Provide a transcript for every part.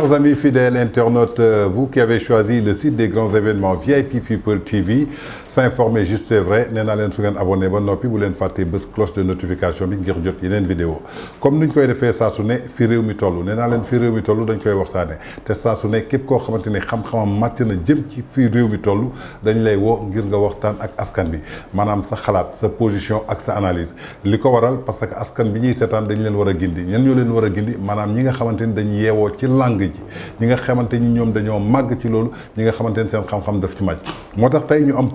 Chers amis fidèles internautes, euh, vous qui avez choisi le site des grands événements VIP People TV, informé juste c'est vrai vous pouvez abonné ba bu faté cloche de notification bi ngir jot vidéo comme nuñ koy défé sa su ne fi réew mi tollu néna len fi réew mi tollu dañ koy su képp xam ci réew mi dañ lay ngir nga ak askan bi sa xalaat position ak sa analyse liko waral parce que askan bi ñi sétane dañ leen wara leen ñi nga dañ ci langue ji ñi nga ci ñi nga seen xam-xam daf ci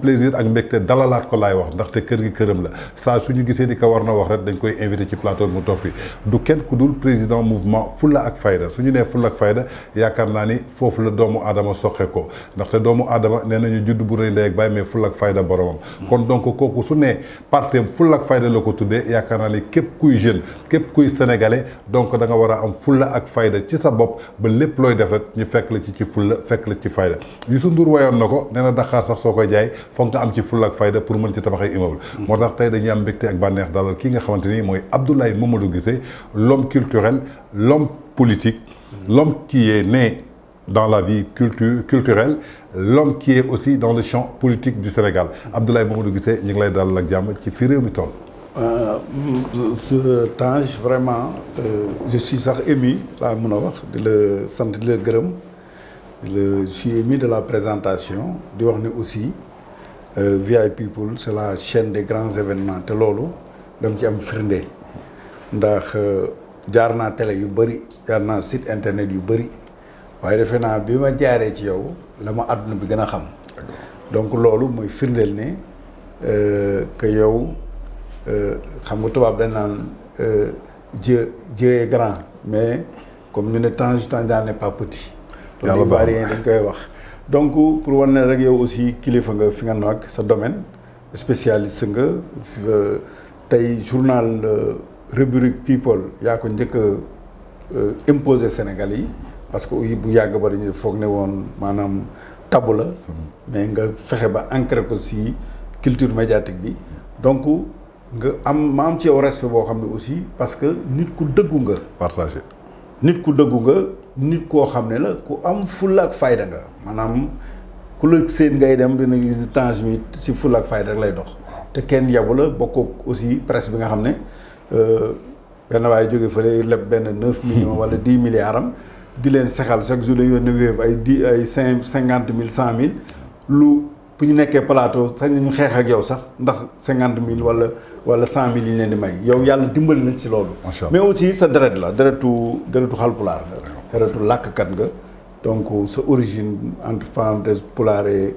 plaisir plaisir ak mbégte dalalaat ko laay wax ndaxte kër gi këram la saa ñu gisee di ko war na wax rek dañ koy invité ci plateau mu toog fi du kenn ku dul président mouvement Fulla ak Fayda ñu nee Fulla ak Fayda yaakaar naa ni foofu la doomu aadama soxe ko ndaxte doomu aadama nee nañu juddu bu rëy ndey ak baay mais Fulla ak Fayda boromam kon donc kooku su nee partem Fulla ak Fayda la ko tuddee yaakaar naa ni képp kuy jeune képp kuy sénégale donc da nga war a am Fulla ak Fayda ci sa bopp ba lépp looy def ñu fekk la ci ci Fulla fekk la ci Fayda Youssou Ndour na ko nee sax soo koy jaay nga am ci fulla fayda pour mën ci tabax immeuble moo tax tey dañuy am mbégte ak bànneex dalal kii nga xamante ni Abdoulaye Mamadou Guissé l'homme culturel l'homme politique l'homme qui est né dans la vie culturelle l'homme qui est aussi dans le champ politique du Sénégal Abdoulaye Mamadou Guissé ñu ngi lay dalal ak jàmm ci fi réew mi toll euh, ce temps, vraiment euh, je suis sax ému laa mën wax di la sant di gërëm le je suis ému de la présentation di wax nous aussi Euh, VI People c'est la chaîne des grands événements te loolu dam ci am firnde ndax euh, jaar naa télé yu bëri jaar naa site internet yu bëri waaye defe naa bi ma jaaree ci yow la ma àdduna bi gën a xam donc loolu mooy firndeel ni euh, que yow xam nga tubaab dañ naan Dieu Dieu est grand mais comme ñu ne temps temps n'est pas petit. yàlla baax dañ koy wax. donc pour wane ne rek yow aussi kilifa nga fi nga nag sa domaine spécialiste nga euh, tey journal euh, rubrique people yaa ko njëkk a euh, imposé Sénégal yi parce que bu yàgg ba dañu foog ne woon maanaam tabu la mais nga fexe ba ancré ko si culture médiatique bi donc nga am maam am ci yow respect boo xam ne aussi parce que nit ku dëggu nga partagé nit ku dëggu nga nit koo xam ne la ku am fulla ak fayda nga maanaam ku la seen ngay dem dina gis tange mi si fulla ak fayda rek lay dox te kenn yabu la bokk aussi presse bi nga xam ne euh, benn waaye jóge fële leb benn neuf millions wala dix milliards am di leen sexal chaque jour la yónnee wéef ay di ay cinq cinquante mille cent mille lu bu ñu nekkee plateau sax ñu xeex ak yow sax ndax cinquante mille wala wala cent mille yi ñu leen di may yow yàlla dimbali na ci loolu mais aussi sa deret la deretu deretu xalpulaar xeratu làkkat nga donc sa origine entre parenthèses pulaar et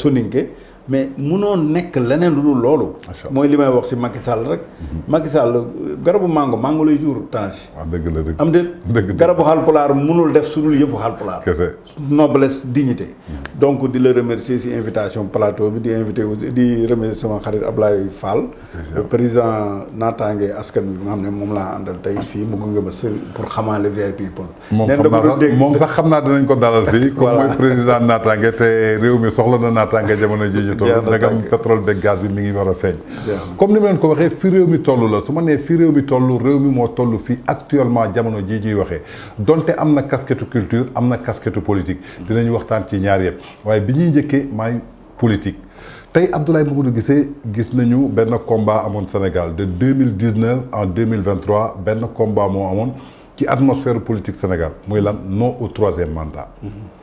soninke mais munoo nekk leneen lu dul loolu. mooy li may wax si Macky Sall rek. Mhm. Macky Sall garabu mango mango lay jur tange. waaw dëgg la dëgg am déet garabu Haalpulaar munul def su dul yëfu Haalpulaar. kese noblesse dignité. Mhm. donc di la remercier si invitation plateau bi di invité di remercier sama xarit Ablaye Fall. président naataange askan bi nga xam ne moom laa àndal tey fii mu gunge ma si pour xamaale VIP People. moom xam naa moom sax xam naa dinañ ko dalal fii. voilà comme mooy président naataange te réew mi soxla ndegam pétrole beeg gaz bi mi ngi war a comme ni ma leen ko waxee fi réew mi toll la su ma nee fi réew mi toll réew mi moo toll fii actuellement jamono jii ñuy waxee donte am casquette culture am casquette politique dinañu waxtaan ci ñaar yëpp waaye bi ñuy njëkkee maay politique tey Abdoulaye Mamadou Guissé gis nañu benn combat amoon Sénégal de 2019 en 2023 ben combat moo amoon ci atmosphère politique Sénégal muy lan non au troisième mandat mm-hmm.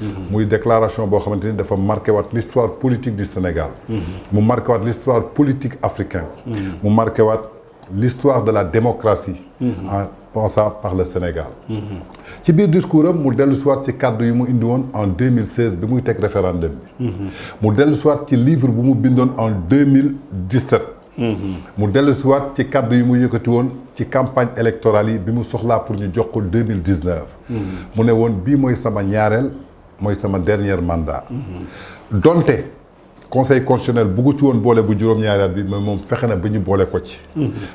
Mm-hmm. muy déclaration boo xamante dafa marqué l'histoire politique du Sénégal mm-hmm. mu marqué l'histoire politique africaine mm-hmm. mu marqué l'histoire de la démocratie en pensant par le Sénégal ci ce discours il mu soir, siwaat ci kàddu yu mu indi en 2016 bi muy teg référendum bi mu dellu siwaat ci livre bu mu bindoon en 2017 mu dellu si waat ci cadre yi mu yëkkati woon ci campagne électorale bi mu pour ñu jox ko 2019, mille dix-neuf. mu c'est sama dernier mandat. donté conseil constitutionnel beaucoup ci won bolé bu juroom ñaaral bi mais moom fexena na bolé ko ci.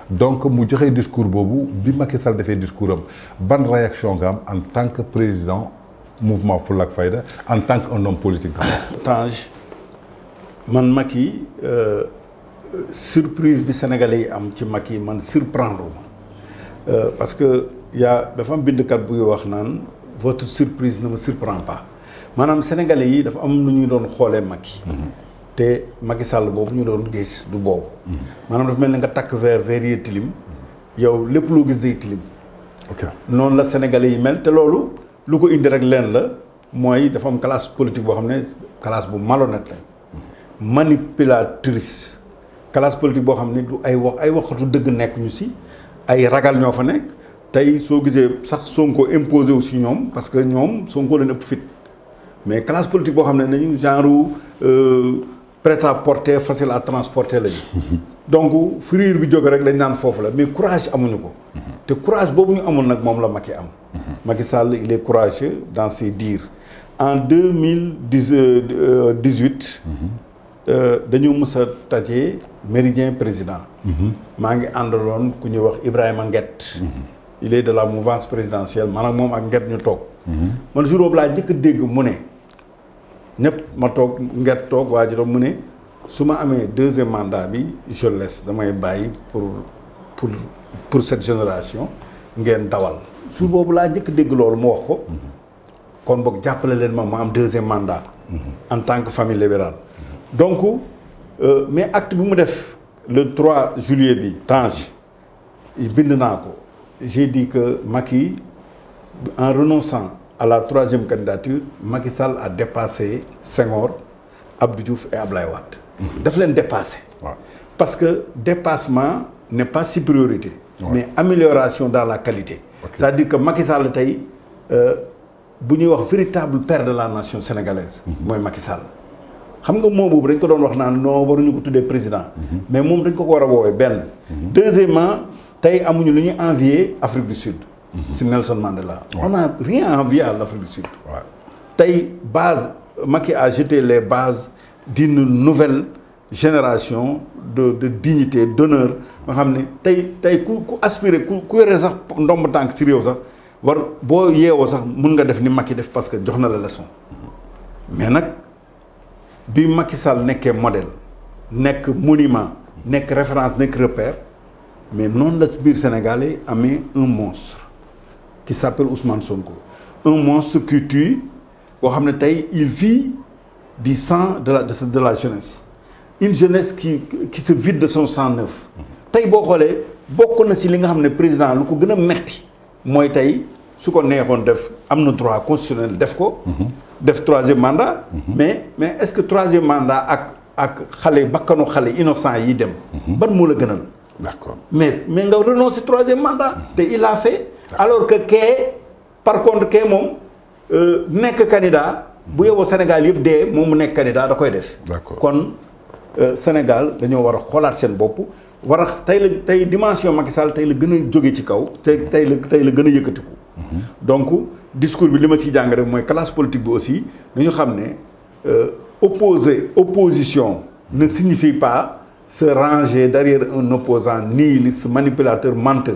donc mu discours bobu bi Macky Sall défé discours ban réaction gam en tant que président mouvement Foulak Fayda en tant qu'un homme politique. Tange man Macky euh, surprise bi sénégalais yi am ci Macky man surprendre euh, parce que il y a dafa am bindkat de wax nan votre surprise ne me surprend pas. maanaam sénégalais yi dafa am nu ñuy doon xoolee Macky te Macky sàll boobu ñu doon gis du boobu maanaam dafa mel ni nga takk ver verre yi tilim yow lépp loo gis day tilim ok noonu la sénégalais yi mel te loolu lu ko indi rek leen la mooy dafa am classe politique boo xam ne classe bu malhonnête la manipulatrice classe politique boo xam ne du ay wax ay waxatu dëgg nekk ñu si ay ragal ñoo fa nekk tey soo gisee sax Sonko imposé wu si ñoom parce que ñoom Sonko leen ëpp fit mais classe politique bo xamné nañu genre euh, prêt à porter facile à transporter la ñu. donc frire bi jóge rek dañ nane fofu la mais courage amuñu ko. Mhm. te courage bobu ñu amoon nak mom la Macky am. Mhm. Macky Sall il est courageux dans ses dires en 2018, mille euh, euh, mhm. dañu mës tajé méridien président. ma ngi andalon ku ñu wax Ibrahima Nguett. il est de la mouvance présidentielle man ak moom ak Nguett ñu tok man jour boobu laa dégg mu ne ñëpp ma tok nget toog waa ji mu ne su deuxième mandat bi je laisse damay bàyyi pour pour pour cette génération ngén dawal. su bobu la njëkk dégg loolu mo wax ko. Mm-hmm. kon bok jàppale len ma am deuxième mandat. Mm-hmm. en tant que famille libérale. Mm-hmm. donc euh, mais acte bi mu def le 3 juillet bi Tange bind naa j'ai dit que Macky en renonçant à la troisième candidature Macky Sall a dépassé Senghor Abdou Diouf et Ablaye Il mhm. daf leen dépassé. parce que dépassement n'est pas si priorité, mais amélioration dans la qualité. c'est-à-dire que Macky Sall tey on euh, ñuy wax véritable père de la nation sénégalaise. c'est mhm. Macky Sall. xam nga moom boobu dañ ko doon wax on non waruñu ko tuddee président. Mhm. mais moom dañ ko ko war a deuxièmement il amuñu a envié, envier Afrique du Sud. C'est mhm. Nelson Mandela. on n'a rien envie à l'Afrique du Sud. Ouais. base Macky a jeté les bases d'une nouvelle génération de dignité d'honneur nga xam ne tey aspiré ku ku yore sax ndomb tànk ci réew sax war boo fait sax nga parce que jox donné la leçon mhm. mais nag bi Macky Sall modèle un monument une référence un repère mais non, la Sénégalais Sénégal un monstre qui s'appelle Ousmane Sonko un monstre qui tue boo xam ne il vit du sang de la de la jeunesse une jeunesse qui qui se vide de son sang neuf tey boo xoolee beaucoup de ci li nga président lu ko gën a metti mooy tey su ko neexoon def am droit constitutionnel def ko. Mhm. def troisième mandat. Mhm. mais mais est-ce que troisième mandat ak ak xale bakkanu xale innocent yi dem. Mhm. ban moo la gënal. d'accord mais mais nga renoncé troisième mandat. Et il a fait alors que qu'est par contre kee moom euh, nekk candidat bu yóbboo Sénégal yëpp dee moom mu candidat da koy def. kon euh, Sénégal dañoo war a xoolaat seen bopp war a tey la tey dimension Macky Sall tey la gën a jóge ci kaw te tey la tey la gën a yëkkatiku. Mhm. donc discours bi li ma ciy rek classe politique aussi dañu xam ne euh, opposer opposition ne signifie pas se ranger derrière un opposant nihiliste manipulateur menteur.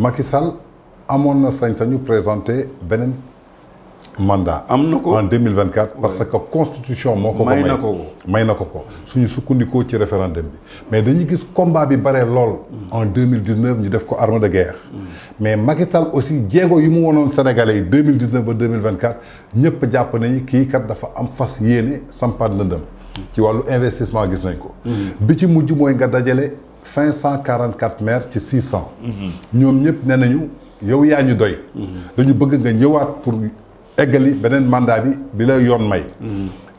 Macky Sall amoon na sañ-sañu présenter beneen mandat. en 2024 parce que constitution moo ko. may na ko may na ko suñu sukkandikoo ci référendum bi mais dañuy gis combat bi baré lool. en 2019 ñu def ko arme de guerre. Mm. mais Macky Sall aussi djégo yu mu wonon Sénégalais 2019 ba 2024 ñëpp japp nañu ki kat dafa am fas yéene sampaat ndëndam. Mm. ci walu investissement gis nañ ko. Mm. bi ci mujj moy nga dajalé cinq cent quarante quatre maires ci six cent ñoom ñëpp nee nañu yow yaa ñu doy dañu bëgg nga ñëwaat pour eggali beneen mandat bi bi yoon may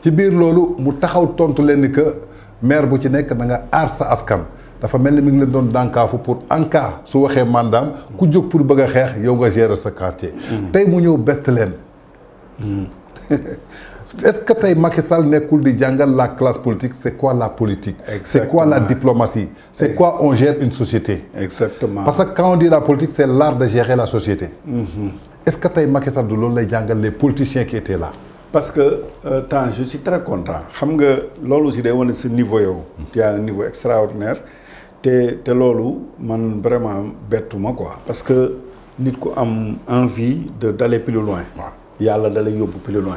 ci biir loolu mu taxaw tontu leen ni que maire bu ci nekk da nga aar sa askan dafa mel ni mi ngi leen doon dànkaafu pour en cas su waxee mandaam ku jóg pour bëgg a xeex yow nga gérer sa quartier mm. tey mu ñëw bett leen mm. est-ce que tey Macky Sall nekkul de jàngal la classe politique c'est quoi la politique c'est quoi la diplomatie c'est quoi on gère une société exactement parce que quand on dit la politique c'est l'art de gérer la société mm-hmm. est-ce que tu Macky Sall du de jàngal les politiciens qui étaient là parce que euh, tant je suis très content xam nga loolu aussi niveau Il y a un niveau extraordinaire te loolu man vraiment bettuma quoi parce que nit avons envie d'aller plus loin yàlla dalay yóbbu plus loin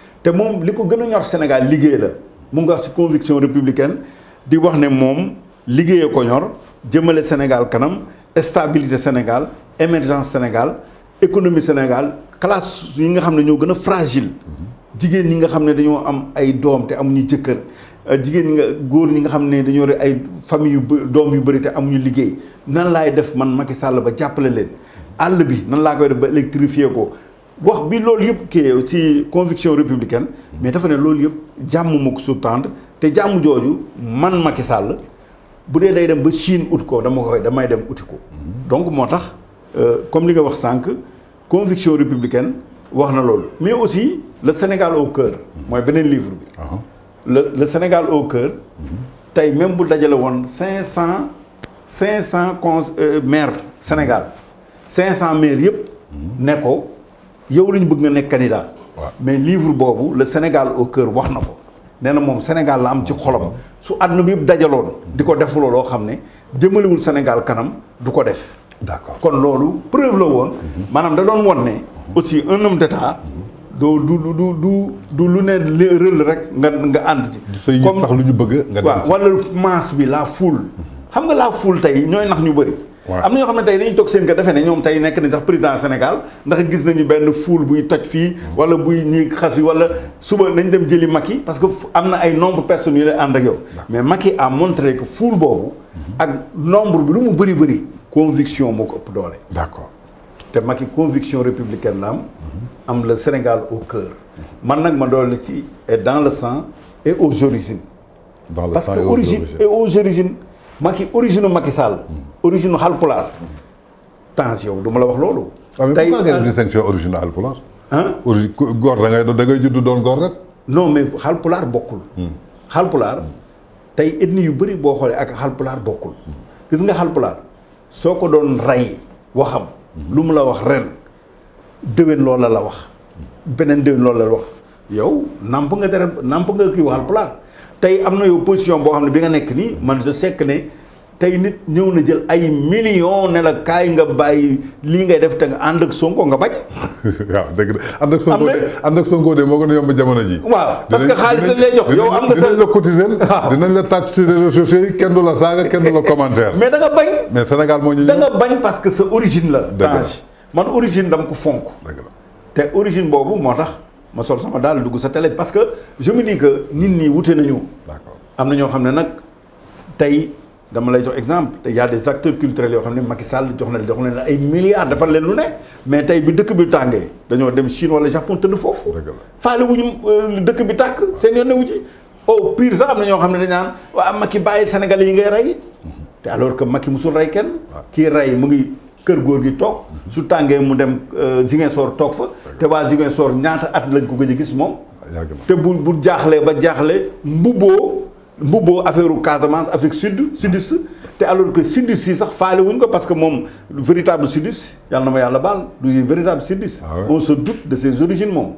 te moom li ko gën a ñor Sénégal liggéey la mu nga ci conviction républicaine di wax ne moom liggéeyee ko ñor jëmale Sénégal kanam stabilité Sénégal émergence Sénégal économie Sénégal classe yi nga xam ne ñoo gën a fragile jigéen ñi nga xam ne dañoo am ay doom te amuñu jëkkër euh, jigéen ñi nga góor ñi nga xam ne dañoo re ay famille yu doom yu bëri te amuñu liggéey nan laay def man Macky sàll ba jàppale leen àll bi nan laa koy def ba électrifier ko wax bi loolu yëpp kii ci conviction républicaine mais dafa ne loolu yëpp jàmm ko sous-tendre te jàmm jooju man Macky Sall bu dee day dem ba Chine ut ko dama koy damay dem uti ko donc moo tax euh, comme li nga wax sànq conviction républicaine wax na loolu mais aussi le Sénégal au cœur mooy beneen livre bi uh-huh. le le Sénégal au cœur tey même bu dajale woon cinq 500 cinq cent con euh, maire Sénégal cinq cent maire yëpp ne ko yow la ñu bëgg nga nekk candidat. mais livre boobu le Sénégal au cœur wax na ko nee na moom Sénégal la am ci xolom su àdduna bi yëpp dajaloon di ko defuloo loo xam ne jëmalewul Sénégal kanam du ko def. d'accord kon loolu preuve la woon. Mm-hmm. maanaam da doon won ne. Mm-hmm. aussi un homme d'état mm-hmm. doo du du du du du lu ne rël rek nga nga ànd ci. comme sax lu ñu bëgg. nga dem ci waaw wala bi laa foule. xam nga laa foule tey ñooy nax ñu bëri. Il y a des gens qui dañu toog seen kër Sénégal ne ñoom nekk Sénégal ndax gis nañu benn foule qui sont hmm. wala buy ñi wala parce que nombre personnes mais Macky a montré que foule et le hmm. nombre de personnes conviction d'accord te conviction républicaine hmm. am le Sénégal au cœur man ma ci dans le sang et aux origines dans le parce que origine et aux origines Macky origine Macky Sall. origine Halpulaar. temps yow du ma la wax loolu. Ah, tey waaw mais distinction origine Halpulaar. ah origine góor da ngay da ngay judd doon góor rek. non mais Halpulaar bokkul. Hmm. Halpulaar tey ethnie yu bari boo xoolee ak Halpulaar bokkul. gis nga Halpulaar soo ko doon rey waxam. Hmm. lu ma la wax ren déwén loola la wax. beneen déwén loola la wax. yow namp nga dara nàmp nga kii Halpulaar. tey am na yow position boo xam ne bi nga nekk nii man je sais ne tey nit ñëw na jël ay millions ne la kaay nga bàyyi lii ngay def te nga ànd ak Sonko nga bañ. waaw dëgg la ànd ak Sonko de ànd ak Sonko de moo gën a yomb jamono ji. waaw parce que xaalis lañ lay jox yow am nga sa kenn du la saaga kenn du la mais da nga bañ. mais Sénégal moo ñu. da nga parce que sa origine la. dëgg man origine dama ko fonk. te origine boobu moo tax. ma sol sama daal dugg sa tele parce que je me dis que nit ñi wute nañu. am na ñoo xam ne nag tey dama lay jox exemple te y a des acteurs yoo xam ne Macky Sall jox na jox leen ay milliards defar leen lu ne mais tey bi dëkk bi tàngee dañoo dem Chine wala Japon tëdd foofu. faale wuñu euh, dëkk bi tàkk seen yoon newu ci. au pire sax am na ñoo xam ne dañ naan waa Macky bàyyi Sénégalais yi ngay rey mhm. te alors que Macky musul rey kenn. kii rey mu ngi kër góor gi toog. Mhm. su tàngee mu dem euh, Ziguinchor toog fa. te waa Ziguinchor ñaata at lañ ko gëj a gis moom. te bu bu jaaxlee ba jaaxle mbubboo mbubboo affaire Casamance Afrique sud sudiste te alors que sudiste yi sax faale wuñ ko parce que moom véritable sudiste yàlla na yàlla baal du véritable sudiste ah on se doute de ses origines moom.